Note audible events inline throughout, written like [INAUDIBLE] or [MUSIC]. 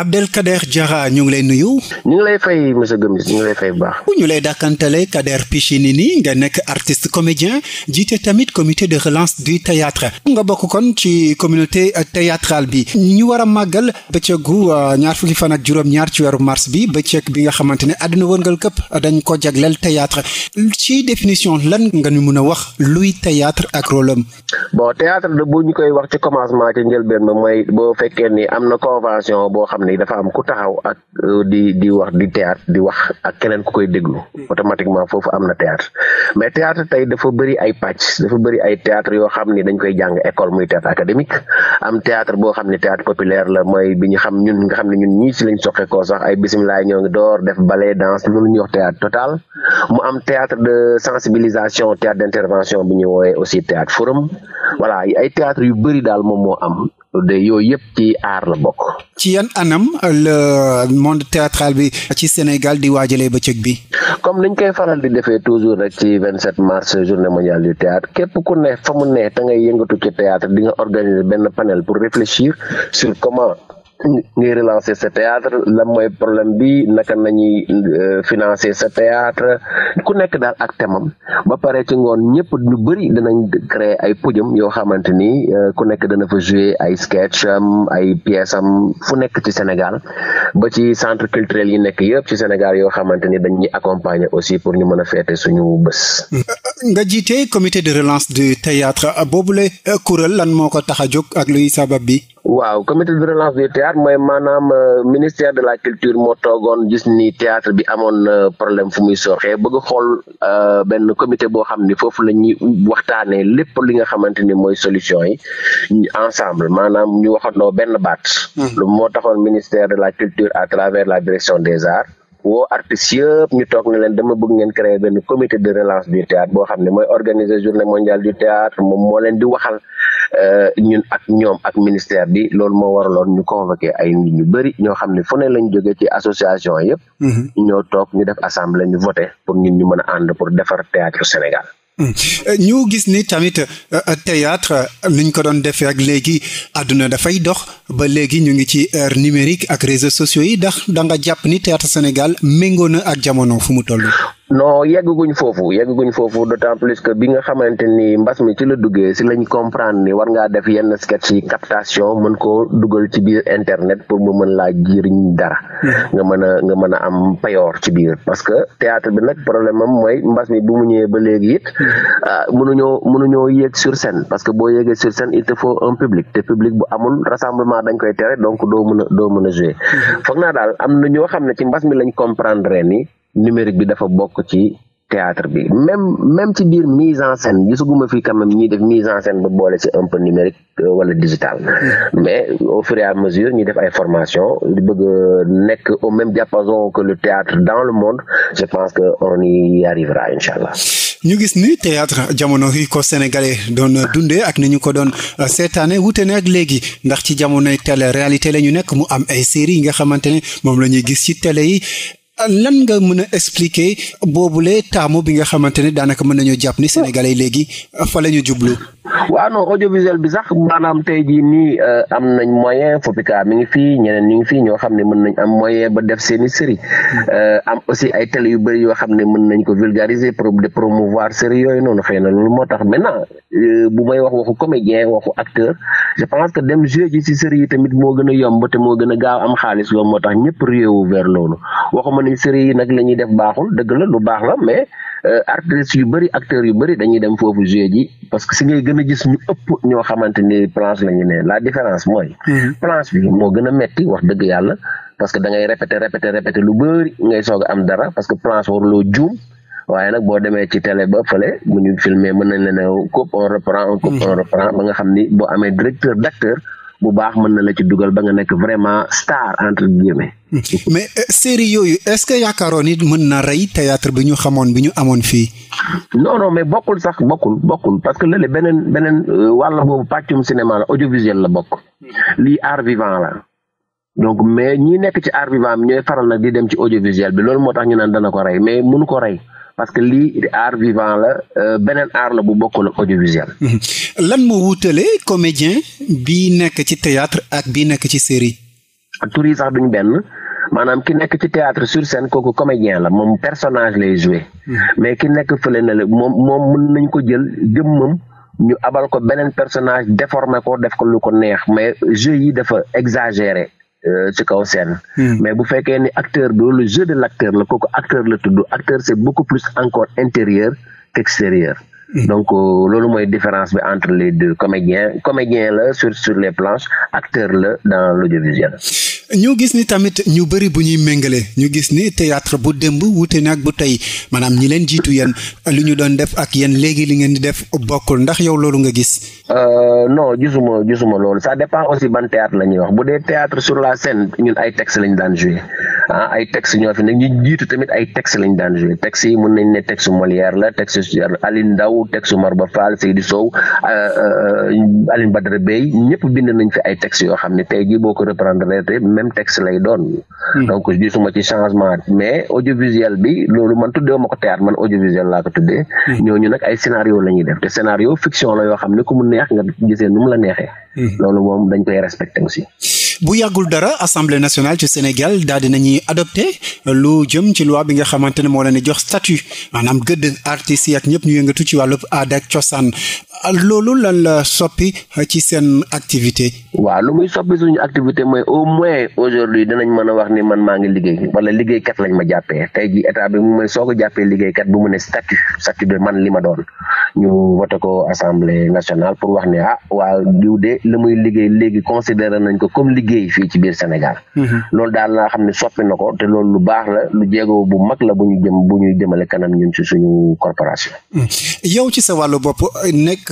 Abdelkader Diarra ñoo ngi lay nuyu. ñu ngi lay fay monsieur Gomis ñu ngi lay fay bu baax. ñu lay dàkkantale Kader Pichini nga nekk artiste comédien jiite tamit comité de relance du théâtre nga bokk kon ci communauté euh, théâtrale bi. ñu war a màggal bëccëgu euh, ñaar fukki fan ak juróom-ñaar ci weeru mars bi bëccëg bi nga xamante ne àdduna wërngal këpp dañ ko jagleel théâtre ci définition lan nga ñu mën a wax luy théâtre ak rôle am. bon théâtre de bu ñu koy wax ci commencement ci njëlbeen fekkee ni am na convention boo xam ni dafa am ku taxaw ak euh, di di wax di théâtre di wax ak keneen ku koy déglu mm. automatiquement foofu am na théâtre mais théâtre tey dafa bëri ay pàcc dafa bëri ay théâtre yoo xam ni dañ koy jàng école muy théâtre académique am théâtre boo xam ni théâtre populaire la mooy bi ñu xam ñun nga xam ne ñun ñii si lañ soqe ko sax ay bisimilah ñoo ngi door def ballet danse lu ñuy wax théâtre total mu am théâtre de sensibilisation théâtre d'intervention bi ñu woowee aussi théâtre forum voilà yu bëri daal moom moo am de yooyu yëpp ci aar la bokk. ci yan anam le monde théâtral bi ci Sénégal di ba bëccëg bi. comme niñ koy faral di defee toujours rek ci 27 mars journée mondiale du théâtre képp ku ne fa mu ne te ngay yëngatu ci théâtre di nga organiser benn panel pour réfléchir sur comment. ngay relancer sa théâtre lan mooy problème bi naka nañuy euh, financer sa théâtre ku nekk daal ak temam ba pare ci ngoon ñëpp ñu bëri danañ créer ay podium yoo xamante ni euh, ku nekk dana fa jouer ay sketch am ay pièce am fu nekk ci Sénégal ba ci centre culturel yi nekk yëpp ci Sénégal yoo xamante ni dañuy accompagner aussi pour ñu mën a feete suñu bés. nga jiite comité de relance du théâtre boobule euh, kuréel lan moo ko tax a jóg ak luy sabab bi. waaw comité de relance du théâtre mooy maanaam euh, ministère de la culture moo toogoon gis ni théâtre bi amoon euh, problème fu muy sooxee bëgg xool euh, benn comité boo xam ni foofu la ñuy waxtaanee lépp li nga xamante ni mooy solution yi ñu ensemble maanaam ñu waxandoo benn baat hmm. moo taxoon ministère de la culture à travers la direction des arts woo artistes yëpp ñu toog na leen dama bëgg ngeen créer benn comité de relance du théâtre boo xam ne mooy organiser journée mondiale du théâtre moom moo leen di waxal Euh, ñun ak ñoom ak ministère bi loolu moo waraloon ñu convoqué ay ñu bëri ñoo xam ne fu ne lañ jogee ci association yëpp. Mhm. ñoo toog ñu def assemblée ñu voté pour ñun ñu mën a ànd pour defar théâtre Sénégal. Mhm. ñu gis ni tamit euh, théâtre niñ ko doon defee ak léegi àdduna dafay dox ba léegi ñu ngi ci ère numérique ak réseaux sociaux yi ndax da jàpp ni théâtre Sénégal méngoo na ak jamono fu mu toll. non yeggaguñ foofu yeggaguñ foofu de plus que bi nga xamante ni mbas mi ci la duggee si lañ comprendre ni war ngaa def yenn sketch yi captation mën koo dugal ci biir internet pour mu mën laa jëriñ dara mm-hmm. nga mën a nga mën a am payoor ci biir parce que théâtre bi nag problème am mooy mbas mi bu mu ñëwee ba léegi munu it munu mm-hmm. ah, mënuñoo yéeg sur scène parce que boo yeggee sur scène il te faut un public te public bu amul rassemblement dañ koy tere donc doo mën doo mën a jouer mm-hmm. foog naa daal am na ñoo xam ne ci mbas mi lañ comprendre ni numérique bi dafa bokk ci théâtre bi même même ci biir mise en scène gisaguma fi quand même ñuy def mise en scène ba boole ci un peu numérique euh, wala digital mm. mais au fur et mesure ñuy def ay formation di bëgg nekk au même diapason que le théâtre dans le monde je pense que on y arrivera incha allah ñu gis ni théâtre jamono yi ko sénégalais doon dundee ak ni ñu ko doon euh, seetaane wute na ak léegi ndax ci jamonoy télé réalité la ñu nekk mu am ay série yi nga xamante ne moom la ñuy gis ci télé yi lan nga mën a expliquer boobule taamu bi nga xamante ne daanaka mën nañoo jàpp ni sénégalais léegi fa la ñu jublu. waaw non audiovisuel bi sax maanaam tey jii nii euh, am nañ moyen Fopika mi ngi fii ñeneen ñu ngi fii ñoo xam ne mën nañ am moyen ba def seeni i série euh, am aussi ay télé yu bëri yoo xam ne mën nañ ko vulgariser pour de promouvoir série yooyu noonu xëy na loolu moo tax maintenant euh, bu may wax waxu comédien waxu acteur je pense que dem jeu ji si série yi tamit moo gën a yomb te moo gën a gaaw am xaalis loolu moo tax ñëpp réewu vers loolu waxuma ni série yi nag la ñuy def baaxul dëgg la lu baax la mais Euh, artistes yu bëri acteur yu bëri dañuy dem foofu jouer ji parce que si ngay gën a gis ñu ëpp ñoo xamante ni planche lañu nee ne la différence mooy. Mhm. planche bi moo gën a metti wax dëgg yàlla parce que dangay ngay répété répété répété lu bari ngay soog am dara parce que planche waruloo juum. waaye nag boo demee ci télé ba fële mu ñu filmé mën nañ la ne oh, coupe on reprend on coupe on mhm. reprend ba nga xam ni boo amee directeur d'acteur bu baax mën na la ci dugal ba nga nekk vraiment star entre guillemets. [LAUGHS] mais euh, série yooyu est-ce que yaakaaroon it mën na rey théâtre bi ñu xamoon bi ñu amoon fii. non mais bokkul sax bokkul bokkul parce que léeg-léeg beneen beneen euh, wàll boobu pàccum cinéma la audiovisuel la bokk. lii art vivant la. donc mais ñi nekk ci art vivant bi ñooy faral nag di dem ci audiovisuel bi loolu moo tax ñu naan dana ko rey mais mënu ko rey. parce que lii art vivant la euh, beneen art la bu bokkul ak audiovisuel. [LAUGHS] lan moo wutale comédien bii nekk ci théâtre ak bii nekk ci série. tur yi sax duñ benn. maanaam ki nekk ci théâtre sur scène kooku comédien la moom personnage lay joué hmm. mais ki nekk fële na la moom moom mën nañ ko jël jëmmam ñu abal ko beneen personnage déformé ko def ko lu ko neex mais jeu yi dafa exagéré Euh, ci kaw scène. Hmm. mais bu fekkee ni acteur bi loolu jeu de l' la kooku acteur la tudd acteur c' est beaucoup plus encore intérieur qu' hmm. donc euh, loolu mooy différence bi entre les deux comédien comédien la sur sur les planches acteur la dans l'audiovisuel ñu gis ni tamit ñu bëri bu ñuy méngale ñu gis ni théâtre bu démb wuute na ak bu tey maanaam ñi leen jiitu yéen li ñu doon def ak yéen léegi li ngeen di def bokkul ndax yow loolu nga gis. Euh, non gisuma gisuma loolu ça dépend aussi ban théâtre la ñuy wax bu dee théâtre sur la scène ñu ay texte lañu daan joué ah ay texte ñoo fi ne ñu jiitu tamit ay texte lañu daan joué texte yi mën nañ ne texte Molière la texte Aline Ndaw texte Marba Fall di Sow euh, euh, Aline Badara Bey ñëpp bind nañ fi ay texte yoo xam ne tey jii boo ko reprendre même texte lay doon. Hmm. donc gisuma ci changement mais audiovisuel bi loolu man tuddee ma ko théâtre man audiovisuel laa ko tuddee. Hmm. ñooñu nag ay scénario la ñuy def te scénario fiction la yoo xam ne ku mu neex nga gisee nu mu la neexee. Hmm. loolu moom dañ koy respecté aussi. bu yàggul dara assemblée nationale ci Sénégal daal di nañuy adopté lu jëm ci loi bi nga xamante ne moo leen di jox statut maanaam gëdd artistes yi ak ñu yëngatu ci wàllu aada cosaan Ah, loolu lan la soppi ah, ci seen activité. waaw lu muy soppi suñu activité mooy au moins aujourd'hui danañ mën a wax ni man maa ngi liggéey wala kat lañ ma jàppee te ji état bi mu may soo ko jàppee liggéeykat bu mu ne statut statut de man li ma doon ñu voté ko assemblée nationale pour wax ni ah waa diw de la muy liggéey léegi considéré nañ ko comme liggéey fii ci biir Sénégal. Mhm. loolu daal na xam ne soppi na ko te loolu lu baax la lu jéego bu mag la bu ñu jëm bu ñuy jëmale kanam ñun ci suñu corporation. Hmm.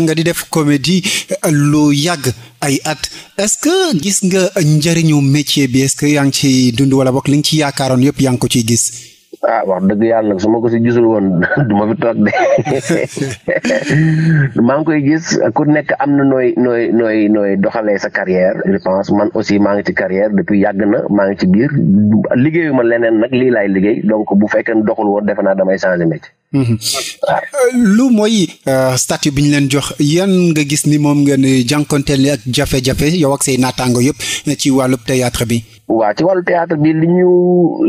nga di def comédie euh, lu yàgg ay at est-ce que gis nga njëriñu métier bi est-ce que yaa ngi ci dund wala bokk li nga ci yaakaaroon yëpp yaa ngi ko ciy gis ah wax dëgg yàlla nag su ma ko si gisul woon [LAUGHS] du ma fi toog de [LAUGHS] maa ngi koy gis ku nekk am na nooy nooy nooy nooy doxalee sa carrière je pense man aussi maa ngi ci carrière depuis yàgg na maa ngi ci biir liggéeyu ma leneen nag lii laay liggéey donc bu fekkee doxul woon defe naa damay changer métier. Mhm. lu mooy euh, statut bi ñu leen jox yan nga gis ni moom ngeen jànkonteel ak jafe-jafe yow ak say naataango yëpp ci wàllub théâtre bi. waaw ci wàllu théâtre bi li ñu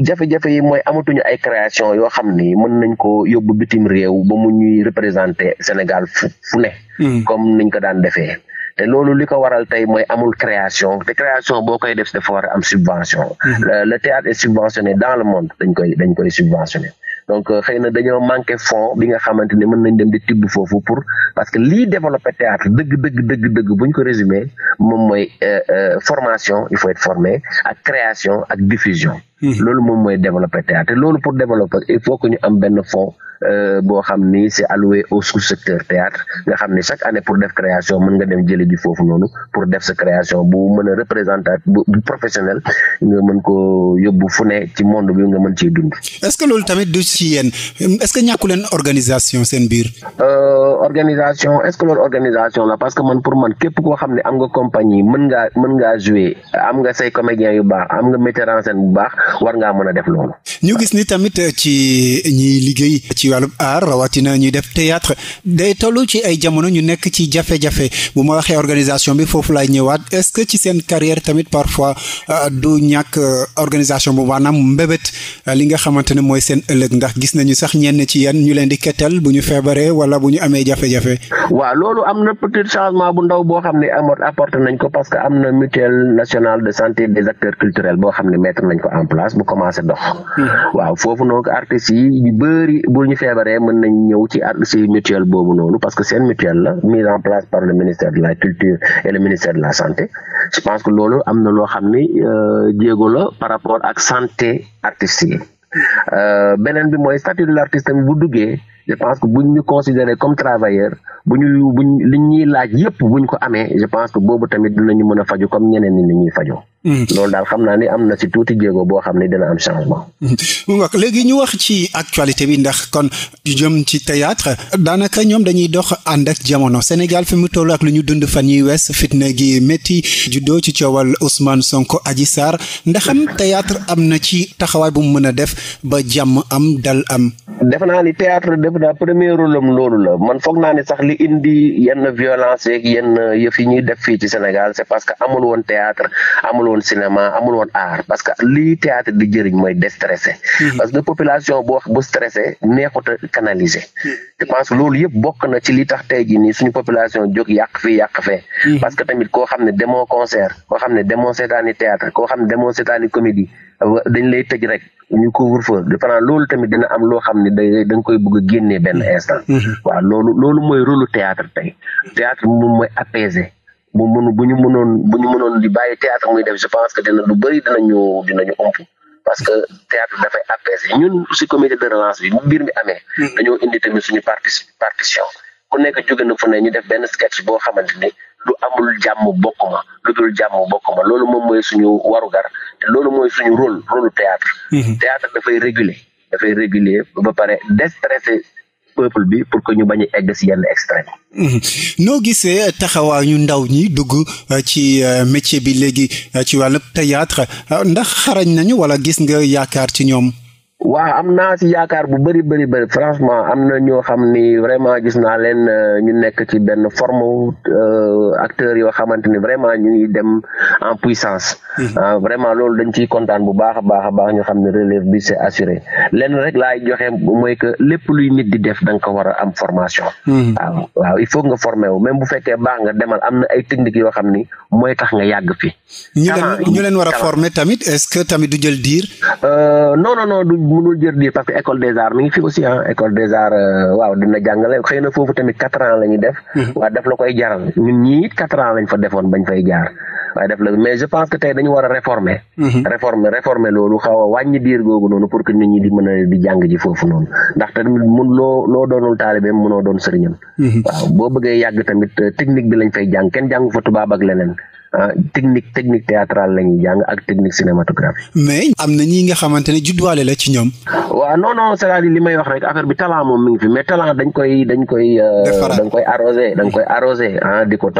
jafe-jafe yi mooy amatuñu ay création yoo xam ni mën nañ ko yóbbu bitim réew ba mu ñuy représenter Sénégal fu fu ne hmm. comme niñ ko daan defee te loolu li ko waral tey mooy amul création te création boo koy def dafa war a am subvention hmm. le théâtre est subventionné dans le monde dañ koy dañ koy subventionné donc euh, xëy na dañoo manqué fond bi nga xamante ne mën nañ dem di tibb foofu pour parce que lii développer théâtre dëgg dëgg dëgg dëgg bu ñu ko résumer moom mooy euh, euh, formation il faut être formé ak création ak diffusion. Mmh. loolu moom mooy développer théâtre loolu pour développer il faut que ñu am benn fond. Euh, boo xam ni c'est alloué au sous-secteur théâtre nga xam ni chaque année pour def création mën nga dem jële ji foofu noonu pour def sa création bu mën nga mën ko yóbbu fu ne ci monde bi nga dund. est-ce que loolu tamit du ci yéen est-ce que leen organisation seen biir. Euh, organisation est-ce que loolu organisation la parce que man pour man képp koo xam ne am nga compagnie mën ngaa mën ngaa jouer am nga say comédiens yu baax am nga metteur en scène bu baax war ngaa mën a def loolu. ñu gis ni tamit ci wàllub aar rawatina ñuy def ñu nekk ci jafe-jafe bi foofu laay ñëwaat est-ce que ci seen carrière tamit parfois euh, du ñàkk euh, organisation bu maanaam mbébét euh, li nga xamante ne mooy seen ëllëg ndax gis nañu sax ñenn ci yan ñu leen di kettal bu ñu feebaree wala bu ñu amee jafe waaw loolu am na petit changement bu ndaw boo xam ne amoon apporté nañ ko parce que am na mutuelle nationale de santé des acteurs culturels boo xam ne mettre nañ ko en place bu commencé dox. Hmm. waaw foofu noonu artistes yi bëri bu feebaree mën nañ ñëw ci at mutuel boobu noonu parce que seen mutuel la mise en place par le ministère de la culture et le ministère de la santé je pense que loolu am na loo xam ni euh, jéego la par rapport ak santé artistes yi euh, beneen bi mooy statut de l'artiste tamit bu duggee je pense que buñ ñu considéré comme travailleur bu ñu buñ li ñuy laaj yépp buñ ko amee je pense que boobu tamit dinañu mën a faju comme ñeneen ñi ni ñuy fajoo Hmm. loolu daal xam naa ni am na si tuuti jéego boo xam ni dina am changement. Hmm. léegi ñu wax ci actualité bi ndax kon jëm ci théâtre daanaka ñoom dañuy dox ànd ak jamono Sénégal fi mu toll ak lu ñu dund fan yi wees fitna gi métti juddoo ci coowal Ousmane Sonko aji Sarr ndax am théâtre am na ci taxawaay bu mu mën a def ba jàmm am dal am. defe naa ni théâtre def naa premier rôle am loolu la man foog naa ni sax li indi yenn violence yeeg yenn yëf yi ñuy def fii ci Sénégal c'est parce que woon cinéma amul woon art parce que lii théâtre di jëriñ mooy déstressé hmm. parce que population boo bu stressé neexut a canaliser hmm. je pense loolu yëpp bokk na ci li tax tey jii ni suñu population jóg yàq fi yàq fee hmm. parce que tamit koo xam ne demoo concert koo xam ne demoo seetaani théâtre koo xam ne demoo seetaani comédie dañ lay tëj rek ñu couvre-feu de pendant loolu tamit dina am loo xam ne da koy bëgg a génnee benn instant waaw loolu mooy rôle théâtre tey théâtre moom bu mënu bu ñu mënoon bu ñu mënoon di bàyyi théâtre muy def je pense que dina lu bëri dinañu dinañu ëmp parce que théâtre dafay apaiser ñun si comité de relance bi mbir mi amee hmm. dañoo indi tamit suñu parti partition ku nekk jóge na fu ne ñu def benn sketch boo xamante ni lu amul jàmm bokk ma lu dul jàmm bokk ma loolu moom mooy suñu warugar te loolu mooy suñu rôle rôle théâtre hmm. théâtre dafay réguler dafay réguler ba pare déstresser peuple bi pour que ñu bañ a egg si yenn extrême mhm. noo gisee taxawaa ñu ndaw ñi dugg euh, ci euh, métier bi léegi euh, ci wàllu théâtre ndax xarañ nañu wala gis nga yaakaar ci ñoom waaw am naa si yaakaar bu bëri bëri bëri franchement am na ñoo xam ni vraiment gis naa leen euh, ñu nekk ci benn forme euh, acteurs yoo xamante ni vraiment ñuy dem en puissance. Mhm. Ah, vraiment loolu dañ ciy kontaan bu baax a baax a baax ñu xam ne relève bi c'est assuré lenn rek laay joxe mooy que lépp luy nit di def da nga ko war a am formation. Mhm. Ah, waaw il faut nga formé wu même bu fekkee baax nga demal am na ay technique yoo xam ni mooy tax nga yàgg fi. ñu leen ñu leen tamit est tamit du jël diir. Euh, mënul jër lii parce que école des arts mi ngi fi aussi ah école des euh, waaw dina jàngale xëy na foofu tamit quatre ans la ñuy def. Mhm. waaye def la koy jaral ñun ñii it quatre lañ fa defoon bañ fay jaar. def la mais je pense que tey dañu war a réformer. Mhm. réformer réformer loolu xaw a wàññi diir googu noonu pour que nit ñi di mën a di jàng ji foofu noonu ndax tamit mun loo loo doonul taalibeem mënoo doon sëriñam. Mhm. waaw boo bëggee yàgg tamit euh, technique bi lañ fay jàng kenn jàngu fa tubaab ak leneen. Euh, technique technique théâtrale la ñuy jàng ak technique cinématographique. mais am na ñi nga xamante judduwaale la ci ñoom. waaw non non li may wax rek bi talent moom di ko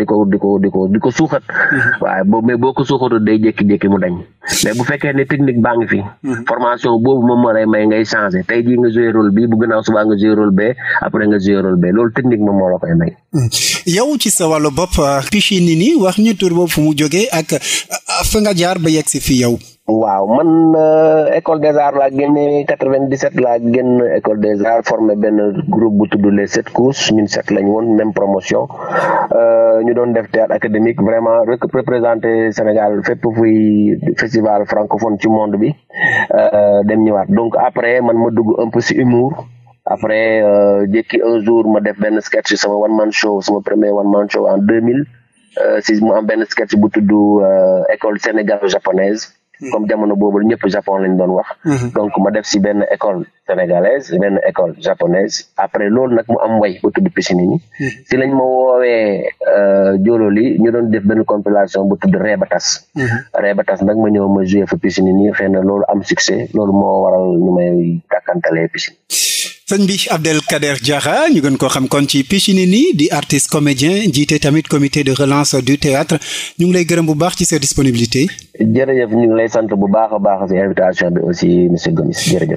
di ko di ko di ko di ko suuxat. Mhm. waaye boo mais boo ko suuxatoo day jékki-jékki mu dañ [LAUGHS] mais fekkee ne technique baa ngi fi. Mhm. formation boobu moom moo may ngay changé tey jii nga bi bu gënaaw subaa nga joué rôle bee après nga joué rôle la koy may. Mhm. yow ci sa bopp euh, Pichini nii wax ñu tur boobu fu mu jógee ak ah, fa jaar ba yegg si fi yow. waaw man euh, école des arts laa génne 97 laa génn école des arts formé benn groupe bu tudd les sept courses ñun sept lañ woon même promotion euh, ñu doon def théâtre académique vraiment représenté Sénégal fépp fuy festival francophone ci monde bi euh, dem ñëwaat donc après man ma dugg un peu si humour après jékki un jour ma def benn sketch sama one man show sama premier one man show en Euh, si mu am benn sketch bu tudd euh, école sénégal japonaise hmm. comme jamono boobu ñëpp japon lañ doon wax hmm. donc ma def si benn école sénégalaise benn école japonaise après loolu nag mu am way bu tudd piscine yi hmm. si lañ ma woowee euh, joolóol yi ñu doon def benn compilation bu tudd reebatas reebatas nag ma ñëw ma joué fa piscine yi xëy na loolu am succès loolu moo waral ñu may tàkkantalee piscine sëñ bi Abdel Kader Diarra ñu gën koo xam kon ci Pichini di artiste comédien jiite tamit comité de relance du théâtre ñu ngi lay gërëm bu baax ci sa disponibilité. jërëjëf ñu ngi lay sant bu baax a baax ci invitation bi aussi monsieur